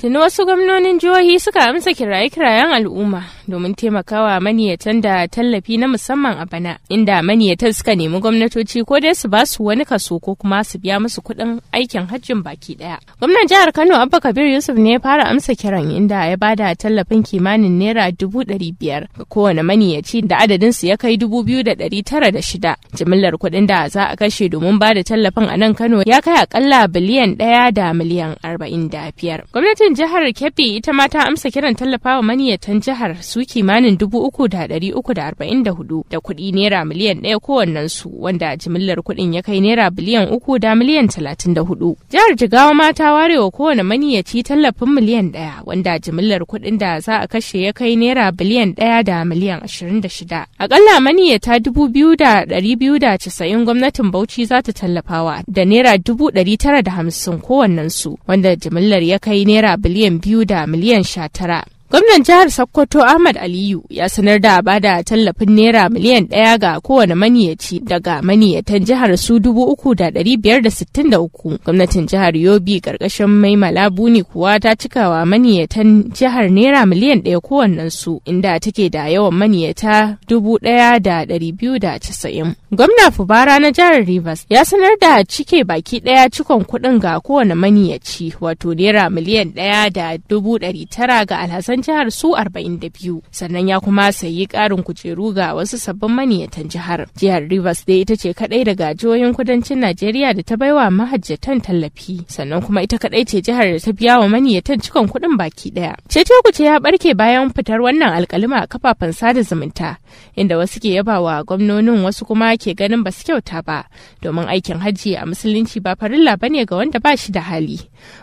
Tuni wasu gwamnonin jihohi suka amsa kiraye-kirayen al'umma. domin taimakawa maniyatan da tallafi na musamman a bana inda maniyatan suka nemi gwamnatoci ko dai su ba su wani kaso ko kuma su biya musu kuɗin aikin hajjin baki ɗaya. Gwamnan jihar Kano Abba Kabir Yusuf ne ya fara amsa kiran inda ya bada tallafin kimanin naira dubu ɗari biyar ga kowane maniyaci da adadin su ya kai dubu biyu da ɗari tara da shida. Jimillar kuɗin da za a kashe domin bada tallafin a nan Kano ya kai akalla biliyan ɗaya da miliyan arba'in da biyar. Gwamnatin jihar Kebbi ita ma ta amsa kiran tallafawa maniyatan jihar su su kimanin 3,344 da kuɗi naira miliyan ɗaya kowannensu wanda jimillar kuɗin ya kai naira biliyan uku da miliyan hudu Jihar Jigawa ma ta ware wa kowane maniyaci tallafin miliyan ɗaya wanda jimillar kuɗin da za a kashe ya kai naira biliyan ɗaya da miliyan 26. Akalla maniyata casa'in gwamnatin Bauchi za ta tallafawa da naira 950 kowannensu wanda jimillar ya kai naira biliyan biyu da miliyan 19. Gwamnan jihar Sokoto Ahmad Aliyu ya sanar da da tallafin naira miliyan ɗaya ga kowane maniyaci daga maniyatan jihar su dubu uku da ɗari biyar da sittin da uku. Gwamnatin jihar Yobe ƙarƙashin mai malabuni kuwa ta cikawa maniyatan jihar naira miliyan ɗaya kowannen su inda take da yawan maniyata dubu ɗaya da ɗari biyu da casa'in. Gwamna Fubara na jihar Rivers ya sanar da cike baki ɗaya cikon kuɗin ga kowane maniyaci wato naira miliyan ɗaya da dubu ɗari tara ga alhassan babban jihar su 42 sannan ya kuma sayi ƙarin kujeru ga wasu sabbin maniyatan jihar. Jihar Rivers dai ita ce kadai daga jihohin kudancin Najeriya da ta baiwa mahajjatan tallafi sannan kuma ita kadai ce jihar da ta biya wa maniyatan cikon kuɗin baki ɗaya. Cece kuce ya barke bayan fitar wannan alkalima a kafafen sada zumunta inda wasu ke yabawa gwamnonin wasu kuma ke ganin basu kyauta ba domin aikin hajji a musulunci ba farilla bane ga wanda ba shi da hali.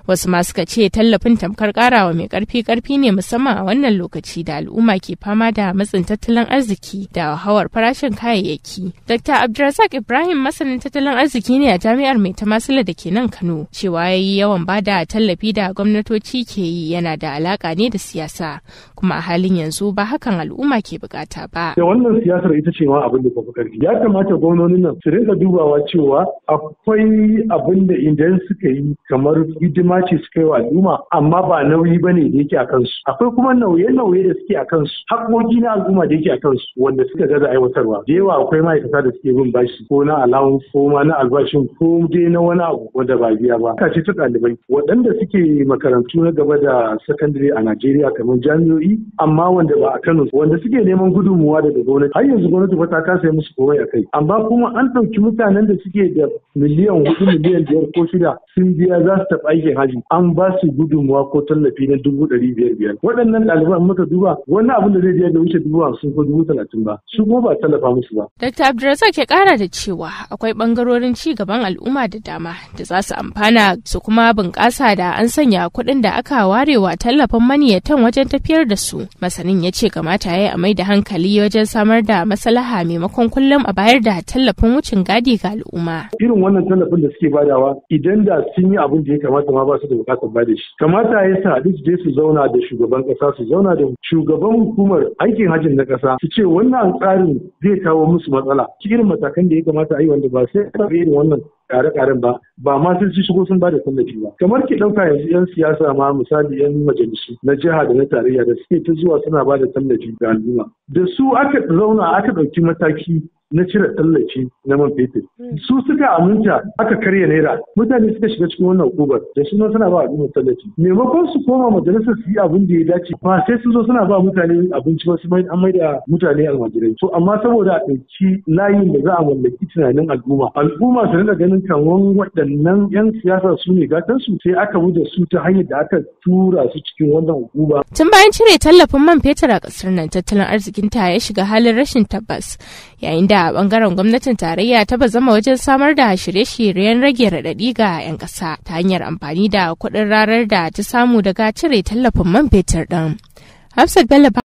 Wasu ma suka ce tallafin tamkar karawa mai karfi karfi ne musamman musamman a wannan lokaci da al'umma ke fama da matsin tattalin arziki da hawar farashin kayayyaki. Dr. Abdulrazak Ibrahim masanin tattalin arziki ne a jami'ar mai ta tamasila da ke nan Kano cewa ya yi yawan bada tallafi da gwamnatoci ke yi yana da alaka ne da siyasa kuma a halin yanzu ba hakan al'umma ke bukata ba. Da wannan siyasar ita ce ma abin da ba karfi. Ya kamata gwamnonin nan su rinka dubawa cewa akwai abin da idan suka yi kamar hidima ce suka yi wa al'umma amma ba nauyi ba ne da yake a kansu. Akwai kuma nauye-nauye da suke a kansu haƙoƙi na al'umma da yake a kansu wanda suka gaza aiwatarwa da yawa akwai ma'aikata da suke bin bashi ko na alawun ko ma na albashin ko dai na wani abu wanda ba biya ba kace ta ɗalibai waɗanda suke makarantu na gaba da sakandare a Najeriya kamar jami'o'i amma wanda ba a Kano wanda suke neman gudunmuwa daga gwamnati har yanzu gwamnati ba ta kasa musu komai a kai amma kuma an ɗauki mutanen da suke da miliyan hudu miliyan biyar ko shida sun biya za su tafi aikin haji an ba su gudunmuwa ko tallafi na dubu ɗari biyar biyar waɗannan ɗaliban muka duba wani abin da zai je da wuce dubu hamsin ko dubu talatin ba su kuma ba tallafa musu ba. Dr. Abdulrazak ya kara da cewa akwai ɓangarorin ci gaban al'umma da dama da za su amfana su kuma bunƙasa da an sanya kuɗin da aka warewa tallafin maniyatan wajen tafiyar da su. Masanin ya ce kamata ya yi a mai da hankali wajen samar da maslaha maimakon kullum a bayar da tallafin wucin gadi ga al'umma. Irin wannan tallafin da suke badawa idan da sun yi abin da ya kamata ma ba su da bukatar bada shi. Kamata ya sa duk je su zauna da shugaban ƙasa su zauna da shugaban hukumar aikin hajji na ƙasa su ce wannan tsarin zai kawo musu matsala irin matakan da ya kamata a yi wanda ba sai a irin wannan ƙare-ƙaren ba ba ma sun ci shigo sun ba da tallafi ba kamar ki ɗauka yanzu yan siyasa ma misali yan majalisu na jiha da na tarayya da suke ta zuwa suna ba da tallafi ga al'umma da su aka zauna aka ɗauki mataki na cire tallafi na man fetur hmm. su suka aminta aka karya naira mutane suka shiga cikin wannan kubar da suna suna ba al'umma tallafi maimakon su koma majalisar su yi abin da ya dace ba sai su zo suna ba mutane abinci ba su mai an maida mutane almajirai to amma saboda a ɗauki layin da za a mallaki tunanin al'umma al'umma su rinka ganin kaman waɗannan yan siyasa su ne gatan su sai aka wuce su ta hanyar da aka tura su cikin wannan hukuma tun bayan cire tallafin man fetur a ƙasar nan tattalin arzikinta ya shiga halin rashin tabbas yayin da da bangaren gwamnatin tarayya ta ba zama wajen samar da shirye-shiryen rage raɗaɗi ga 'yan ƙasa ta hanyar amfani da kuɗin ranar da ta samu daga cire tallafin man fetur ɗin. Hafsat Bello